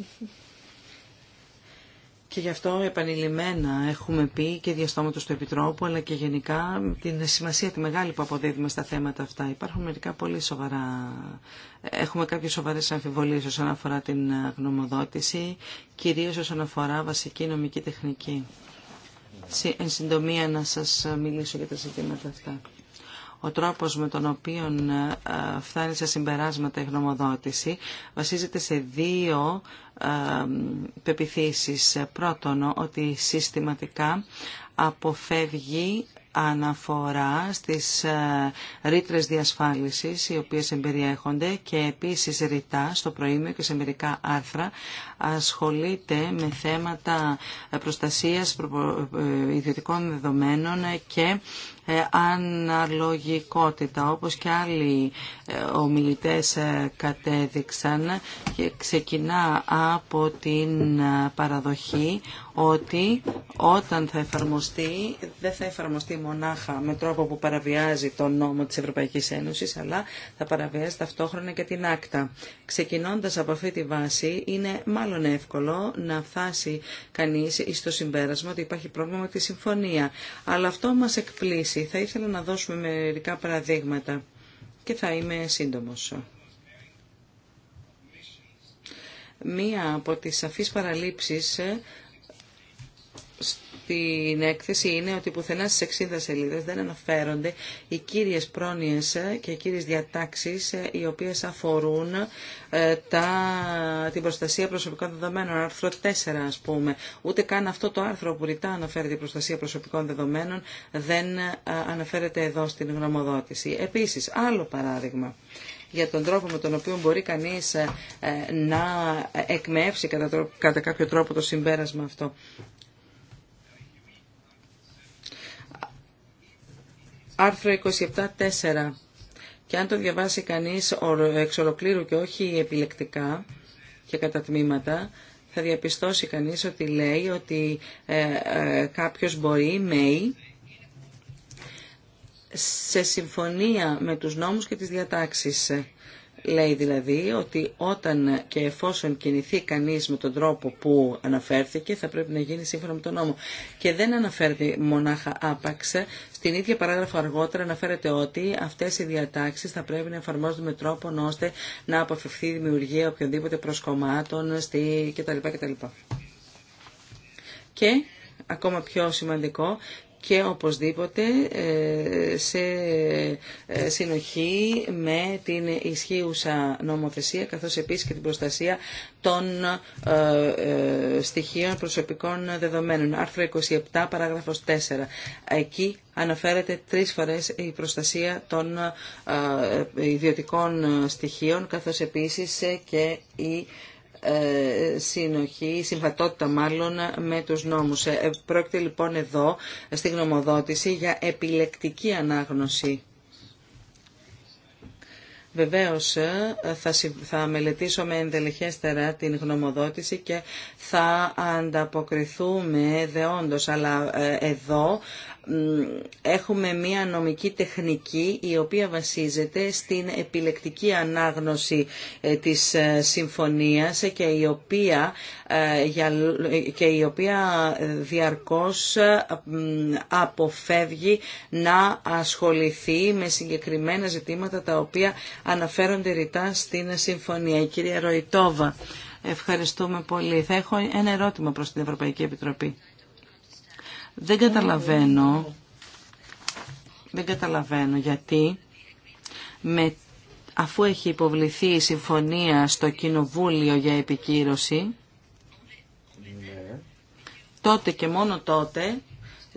Και γι' αυτό επανειλημμένα έχουμε πει και διαστόματος του Επιτρόπου, αλλά και γενικά την σημασία τη μεγάλη που αποδίδουμε στα θέματα αυτά. Υπάρχουν μερικά πολύ σοβαρά, έχουμε κάποιες σοβαρές αμφιβολίες όσον αφορά την γνωμοδότηση, κυρίως όσον αφορά βασική νομική τεχνική. Εν συντομία να σας μιλήσω για τα ζητήματα αυτά ο τρόπος με τον οποίο ε, φτάνει σε συμπεράσματα η γνωμοδότηση βασίζεται σε δύο ε, πεπιθήσεις. Πρώτον, ότι συστηματικά αποφεύγει αναφορά στις ε, ρήτρες διασφάλισης οι οποίες εμπεριέχονται και επίσης ρητά στο προήμιο και σε μερικά άρθρα ασχολείται με θέματα προστασίας ιδιωτικών δεδομένων και ε, αναλογικότητα. Όπως και άλλοι ε, ομιλητές ε, κατέδειξαν και ξεκινά από την παραδοχή ότι όταν θα εφαρμοστεί, δεν θα εφαρμοστεί μονάχα με τρόπο που παραβιάζει τον νόμο της Ευρωπαϊκής Ένωσης, αλλά θα παραβιάζει ταυτόχρονα και την άκτα. Ξεκινώντας από αυτή τη βάση, είναι μάλλον εύκολο να φτάσει κανείς στο συμπέρασμα ότι υπάρχει πρόβλημα με τη συμφωνία. Αλλά αυτό μας εκπλήσει θα ήθελα να δώσουμε μερικά παραδείγματα και θα είμαι σύντομος. Μία από τις σαφείς παραλήψεις στην έκθεση είναι ότι πουθενά στις 60 σελίδες δεν αναφέρονται οι κύριες πρόνοιες και οι κύριες διατάξεις ε, οι οποίες αφορούν ε, τα, την προστασία προσωπικών δεδομένων, άρθρο 4 ας πούμε. Ούτε καν αυτό το άρθρο που ρητά αναφέρεται η προστασία προσωπικών δεδομένων δεν ε, αναφέρεται εδώ στην γνωμοδότηση. Επίσης, άλλο παράδειγμα για τον τρόπο με τον οποίο μπορεί κανείς να εκμεύσει κατά κάποιο τρόπο το συμπέρασμα αυτό. Άρθρο 27.4. Και αν το διαβάσει κανείς εξ ολοκλήρου και όχι επιλεκτικά και κατά τμήματα, θα διαπιστώσει κανείς ότι λέει ότι ε, ε κάποιος μπορεί, μέει, σε συμφωνία με τους νόμους και τις διατάξεις Λέει δηλαδή ότι όταν και εφόσον κινηθεί κανείς με τον τρόπο που αναφέρθηκε θα πρέπει να γίνει σύμφωνα με τον νόμο. Και δεν αναφέρει μονάχα άπαξ. Στην ίδια παράγραφο αργότερα αναφέρεται ότι αυτές οι διατάξεις θα πρέπει να εφαρμόζονται με τρόπο ώστε να αποφευθεί η δημιουργία οποιονδήποτε προσκομμάτων στη... κτλ. κτλ. Και ακόμα πιο σημαντικό και οπωσδήποτε ε, σε ε, συνοχή με την ισχύουσα νομοθεσία καθώς επίσης και την προστασία των ε, στοιχείων προσωπικών δεδομένων. Άρθρο 27, παράγραφος 4. Εκεί αναφέρεται τρεις φορές η προστασία των ιδιωτικών στοιχείων καθώς επίσης και η ε, συνοχή, συμβατότητα μάλλον με τους νόμους. Ε, πρόκειται λοιπόν εδώ στη γνωμοδότηση για επιλεκτική ανάγνωση. Βεβαίως ε, θα, μελετήσω με ενδελεχέστερα την γνωμοδότηση και θα ανταποκριθούμε δεόντως, αλλά εδώ έχουμε μία νομική τεχνική η οποία βασίζεται στην επιλεκτική ανάγνωση ε, της ε, συμφωνίας και η οποία, ε, και η οποία διαρκώς αποφεύγει να ασχοληθεί με συγκεκριμένα ζητήματα τα οποία αναφέρονται ρητά στην συμφωνία. Η κυρία Ροϊτόβα, ευχαριστούμε πολύ. Θα έχω ένα ερώτημα προς την Ευρωπαϊκή Επιτροπή. Δεν καταλαβαίνω, δεν καταλαβαίνω γιατί με, αφού έχει υποβληθεί η συμφωνία στο Κοινοβούλιο για επικύρωση, ναι. τότε και μόνο τότε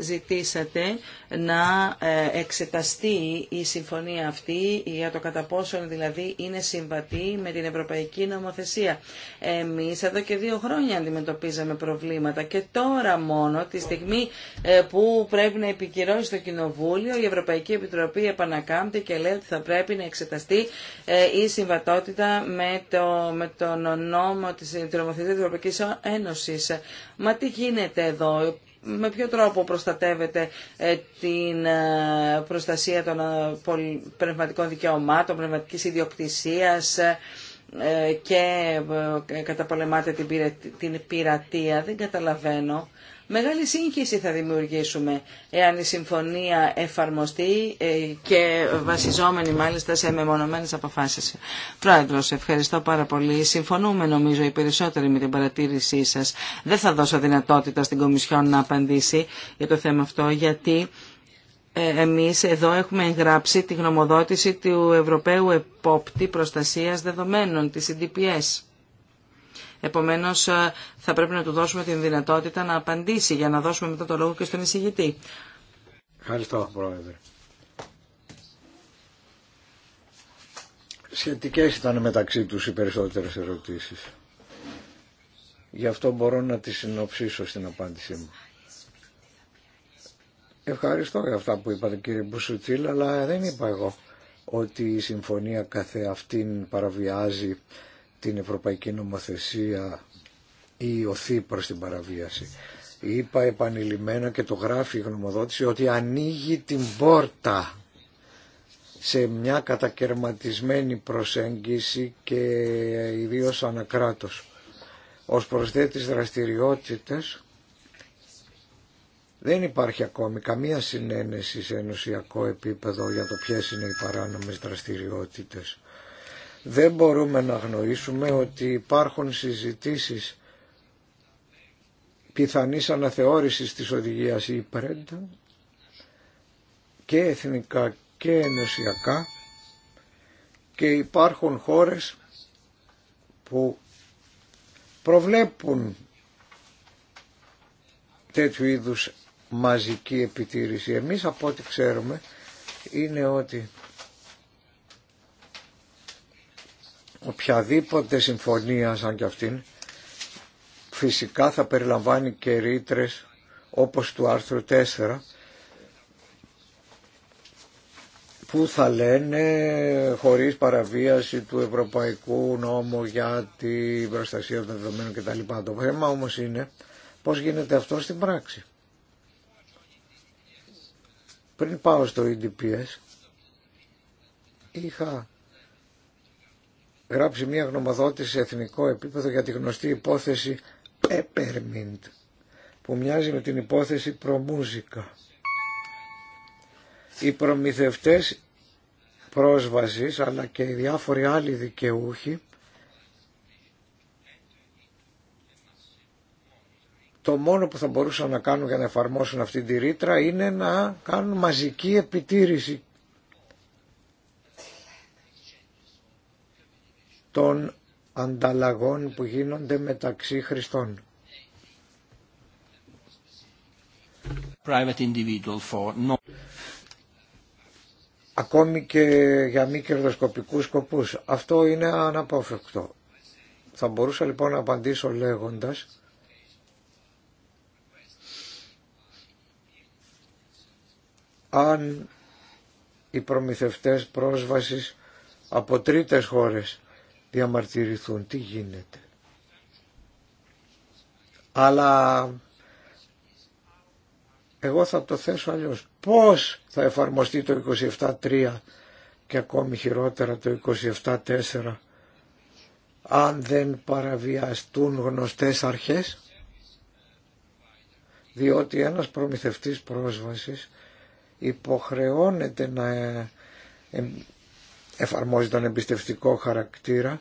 ζητήσατε να ε, εξεταστεί η συμφωνία αυτή για το κατά πόσον δηλαδή είναι συμβατή με την Ευρωπαϊκή Νομοθεσία. Εμείς εδώ και δύο χρόνια αντιμετωπίζαμε προβλήματα και τώρα μόνο τη στιγμή ε, που πρέπει να επικυρώσει το Κοινοβούλιο η Ευρωπαϊκή Επιτροπή επανακάμπτει και λέει ότι θα πρέπει να εξεταστεί ε, η συμβατότητα με, το, τον νόμο της Νομοθεσίας της Ευρωπαϊκής Ένωσης. Μα τι γίνεται εδώ, με ποιο τρόπο προστατεύεται ε, την ε, προστασία των ε, πνευματικών δικαιωμάτων, πνευματικής ιδιοκτησίας και καταπολεμάται την πειρατεία. Δεν καταλαβαίνω Μεγάλη σύγχυση θα δημιουργήσουμε εάν η συμφωνία εφαρμοστεί ε, και βασιζόμενη μάλιστα σε μεμονωμένες αποφάσεις. Πρόεδρος, ευχαριστώ πάρα πολύ. Συμφωνούμε νομίζω οι περισσότεροι με την παρατήρησή σας. Δεν θα δώσω δυνατότητα στην Κομισιόν να απαντήσει για το θέμα αυτό γιατί ε, εμείς εδώ έχουμε εγγράψει τη γνωμοδότηση του Ευρωπαίου Επόπτη Προστασίας Δεδομένων, της CDPS. Επομένως ε, θα πρέπει να του δώσουμε την δυνατότητα να απαντήσει για να δώσουμε μετά το λόγο και στον εισηγητή. Ευχαριστώ Πρόεδρε. Σχετικέ ήταν μεταξύ τους οι περισσότερες ερωτήσεις. Γι' αυτό μπορώ να τη συνοψίσω στην απάντησή μου. Ευχαριστώ για αυτά που είπατε κύριε Μπουσουτσίλ, αλλά δεν είπα εγώ ότι η συμφωνία καθεαυτήν παραβιάζει την ευρωπαϊκή νομοθεσία ή οθεί προς την παραβίαση. Είπα επανειλημμένα και το γράφει η γνωμοδότηση ότι ανοίγει την πόρτα σε μια κατακαιρματισμένη προσέγγιση και ιδίως ανακράτος. Ως προσθέτης δραστηριότητες δεν υπάρχει ακόμη καμία συνένεση σε ενωσιακό επίπεδο για το ποιες είναι οι παράνομες δραστηριότητες. Δεν μπορούμε να γνωρίσουμε ότι υπάρχουν συζητήσεις πιθανής αναθεώρησης της οδηγίας pred και εθνικά και ενωσιακά και υπάρχουν χώρες που προβλέπουν τέτοιου είδους μαζική επιτήρηση. Εμείς από ό,τι ξέρουμε είναι ότι οποιαδήποτε συμφωνία σαν κι αυτήν φυσικά θα περιλαμβάνει και ρήτρε όπως του άρθρου 4 που θα λένε χωρίς παραβίαση του Ευρωπαϊκού Νόμου για την προστασία των δεδομένων κτλ. Το θέμα όμως είναι πώς γίνεται αυτό στην πράξη. Πριν πάω στο EDPS είχα γράψει μια γνωμοδότηση σε εθνικό επίπεδο για τη γνωστή υπόθεση Peppermint που μοιάζει με την υπόθεση προμούζικα. Οι προμηθευτές πρόσβασης αλλά και οι διάφοροι άλλοι δικαιούχοι το μόνο που θα μπορούσαν να κάνουν για να εφαρμόσουν αυτή τη ρήτρα είναι να κάνουν μαζική επιτήρηση των ανταλλαγών που γίνονται μεταξύ χρηστών. Private individual for Ακόμη και για μη κερδοσκοπικούς σκοπούς. Αυτό είναι αναπόφευκτο. Θα μπορούσα λοιπόν να απαντήσω λέγοντας αν οι προμηθευτές πρόσβασης από τρίτες χώρες διαμαρτυρηθούν. Τι γίνεται. Αλλά εγώ θα το θέσω αλλιώς. Πώς θα εφαρμοστεί το 27.3 και ακόμη χειρότερα το 27.4 αν δεν παραβιαστούν γνωστές αρχές διότι ένας προμηθευτής πρόσβασης υποχρεώνεται να ε, εφαρμόζει τον εμπιστευτικό χαρακτήρα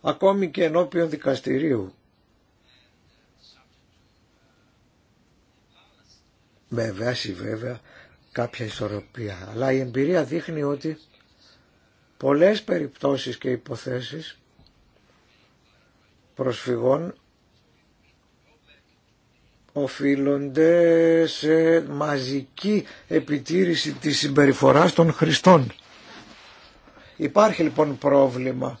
ακόμη και ενώπιον δικαστηρίου με βάση βέβαια κάποια ισορροπία αλλά η εμπειρία δείχνει ότι πολλές περιπτώσεις και υποθέσεις προσφυγών οφείλονται σε μαζική επιτήρηση της συμπεριφοράς των χριστών. Υπάρχει λοιπόν πρόβλημα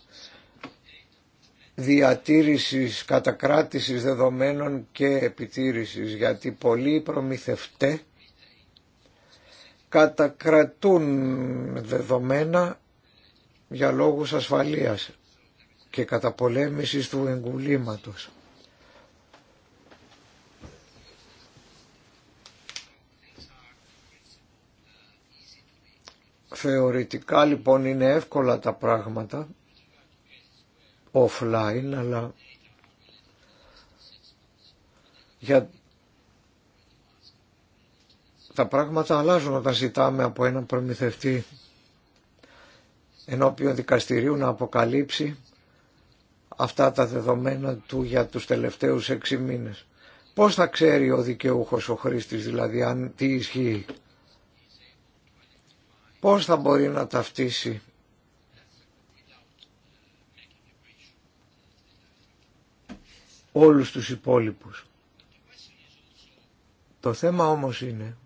διατήρησης, κατακράτησης δεδομένων και επιτήρησης γιατί πολλοί προμηθευτέ κατακρατούν δεδομένα για λόγους ασφαλείας και καταπολέμησης του εγκουλήματος. Θεωρητικά λοιπόν είναι εύκολα τα πράγματα offline αλλά για τα πράγματα αλλάζουν όταν ζητάμε από έναν προμηθευτή ενώπιον δικαστηρίου να αποκαλύψει αυτά τα δεδομένα του για τους τελευταίους έξι μήνες. Πώς θα ξέρει ο δικαιούχος ο χρήστης δηλαδή αν τι ισχύει πώς θα μπορεί να ταυτίσει όλους τους υπόλοιπους. Το θέμα όμως είναι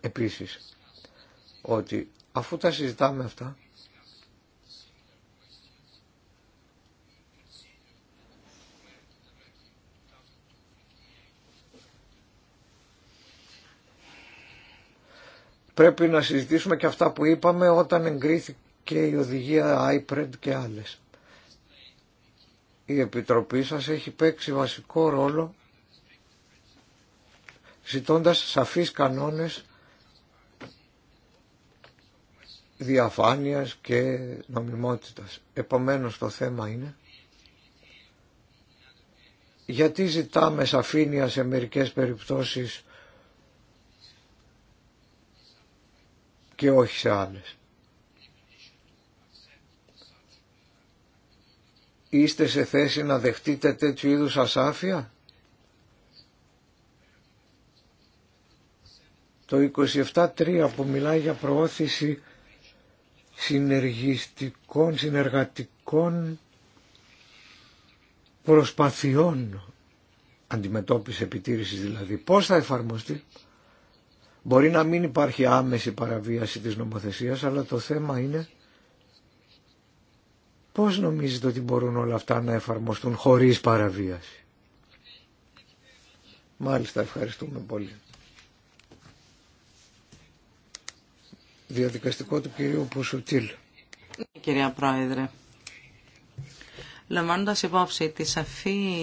επίσης ότι αφού τα συζητάμε αυτά πρέπει να συζητήσουμε και αυτά που είπαμε όταν εγκρίθηκε η οδηγία IPRED και άλλες. Η Επιτροπή σας έχει παίξει βασικό ρόλο ζητώντας σαφείς κανόνες διαφάνειας και νομιμότητας. Επομένως το θέμα είναι γιατί ζητάμε σαφήνεια σε μερικές περιπτώσεις και όχι σε άλλες. Είστε σε θέση να δεχτείτε τέτοιου είδους ασάφεια. Το 27.3 που μιλάει για προώθηση συνεργιστικών, συνεργατικών προσπαθειών αντιμετώπιση επιτήρησης δηλαδή. Πώς θα εφαρμοστεί Μπορεί να μην υπάρχει άμεση παραβίαση της νομοθεσίας, αλλά το θέμα είναι πώς νομίζετε ότι μπορούν όλα αυτά να εφαρμοστούν χωρίς παραβίαση. Μάλιστα, ευχαριστούμε πολύ. Διαδικαστικό του κυρίου Πουσουτήλ. Ναι, κυρία Πρόεδρε, λαμβάνοντας υπόψη τη σαφή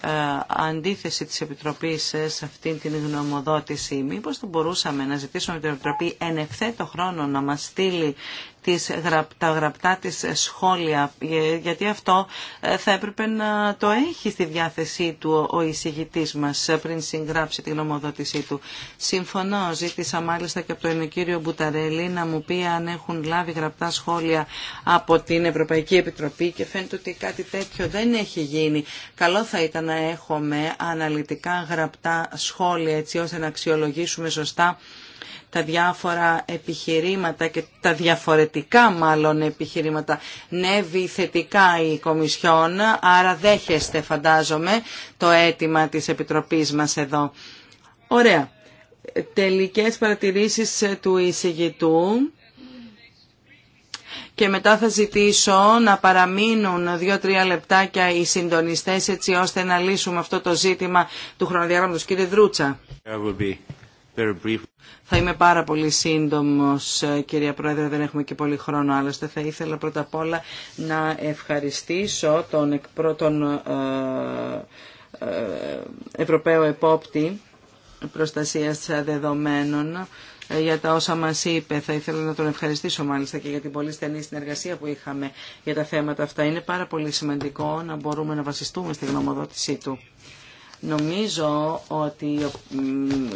ε, αντίθεση της Επιτροπής ε, σε αυτήν την γνωμοδότηση. Μήπως θα μπορούσαμε να ζητήσουμε την Επιτροπή εν ευθέτω χρόνο να μας στείλει τις, τα γραπτά της σχόλια, γιατί αυτό ε, θα έπρεπε να το έχει στη διάθεσή του ο εισηγητής μας πριν συγγράψει την γνωμοδότησή του. Συμφωνώ, ζήτησα μάλιστα και από τον κύριο Μπουταρέλη να μου πει αν έχουν λάβει γραπτά σχόλια από την Ευρωπαϊκή Επιτροπή και φαίνεται ότι κάτι τέτοιο δεν έχει γίνει. Καλό θα ήταν να έχουμε αναλυτικά γραπτά σχόλια έτσι ώστε να αξιολογήσουμε σωστά τα διάφορα επιχειρήματα και τα διαφορετικά μάλλον επιχειρήματα. Νεύει θετικά η Κομισιόν, άρα δέχεστε φαντάζομαι το αίτημα της Επιτροπής μας εδώ. Ωραία. Τελικές παρατηρήσεις ε, του εισηγητού και μετά θα ζητήσω να παραμείνουν δύο-τρία λεπτάκια οι συντονιστές έτσι ώστε να λύσουμε αυτό το ζήτημα του χρονοδιάγραμματος. Κύριε Δρούτσα. Θα είμαι πάρα πολύ σύντομο, κυρία Πρόεδρε, δεν έχουμε και πολύ χρόνο άλλωστε. Θα ήθελα πρώτα απ' όλα να ευχαριστήσω τον, πρώτον ε, ε, Ευρωπαίο Επόπτη Προστασίας Δεδομένων ε, για τα όσα μας είπε. Θα ήθελα να τον ευχαριστήσω μάλιστα και για την πολύ στενή συνεργασία που είχαμε για τα θέματα αυτά. Είναι πάρα πολύ σημαντικό να μπορούμε να βασιστούμε στη γνωμοδότησή του. Νομίζω ότι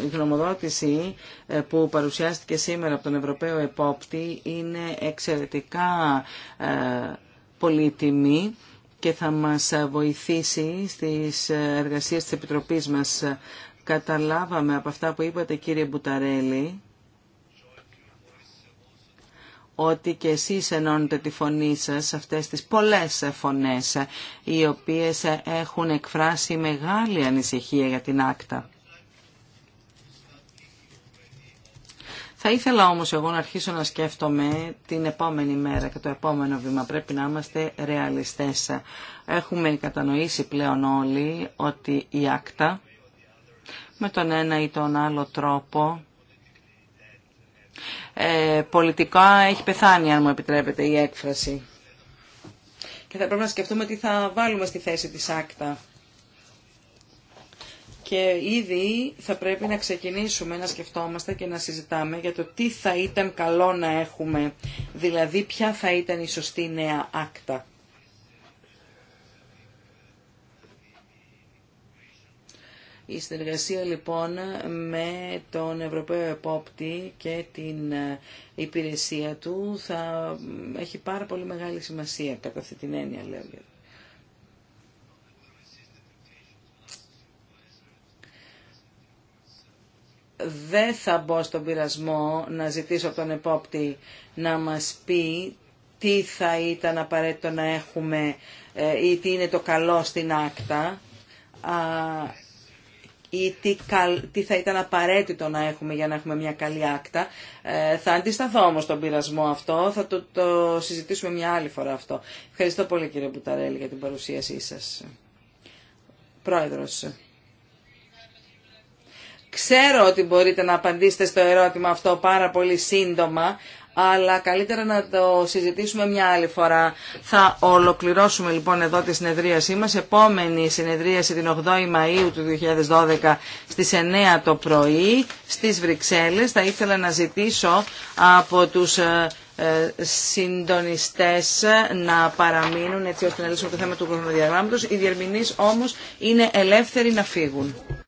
η γνωμοδότηση ε, που παρουσιάστηκε σήμερα από τον Ευρωπαίο Επόπτη είναι εξαιρετικά ε, πολύτιμη και θα μας βοηθήσει στις εργασίες της Επιτροπής μας. Καταλάβαμε από αυτά που είπατε κύριε Μπουταρέλη ότι και εσείς ενώνετε τη φωνή σας σε αυτές τις πολλές φωνές οι οποίες έχουν εκφράσει μεγάλη ανησυχία για την άκτα. Θα ήθελα όμως εγώ να αρχίσω να σκέφτομαι την επόμενη μέρα και το επόμενο βήμα. Πρέπει να είμαστε ρεαλιστές. Έχουμε κατανοήσει πλέον όλοι ότι η άκτα με τον ένα ή τον άλλο τρόπο ε, πολιτικά έχει πεθάνει, αν μου επιτρέπετε, η έκφραση. Και θα πρέπει να σκεφτούμε τι θα βάλουμε στη θέση της άκτα. Και ήδη θα πρέπει να ξεκινήσουμε να σκεφτόμαστε και να συζητάμε για το τι θα ήταν καλό να έχουμε, δηλαδή ποια θα ήταν η σωστή νέα άκτα. Η συνεργασία λοιπόν με τον Ευρωπαίο Επόπτη και την ε, υπηρεσία του θα έχει πάρα πολύ μεγάλη σημασία κατά αυτή την έννοια λέω. Δεν θα μπω στον πειρασμό να ζητήσω από τον επόπτη να μας πει τι θα ήταν απαραίτητο να έχουμε ε, ή τι είναι το καλό στην άκτα ή τι θα ήταν απαραίτητο να έχουμε για να έχουμε μια καλή άκτα. Ε, θα αντισταθώ όμω στον πειρασμό αυτό, θα το, συζητήσουμε μια άλλη φορά αυτό. Ευχαριστώ πολύ κύριε Μπουταρέλη για την παρουσίασή σας. Πρόεδρος. Ξέρω ότι μπορείτε να απαντήσετε στο ερώτημα αυτό πάρα πολύ σύντομα, αλλά καλύτερα να το συζητήσουμε μια άλλη φορά. Θα ολοκληρώσουμε λοιπόν εδώ τη συνεδρίασή μας. Επόμενη συνεδρίαση την 8η Μαΐου του 2012 στις 9 το πρωί στις Βρυξέλλες. Θα ήθελα να ζητήσω από τους ε, ε, συντονιστές να παραμείνουν έτσι ώστε να λύσουμε το θέμα του χρονοδιαγράμματος. Οι διερμηνείς όμως είναι ελεύθεροι να φύγουν.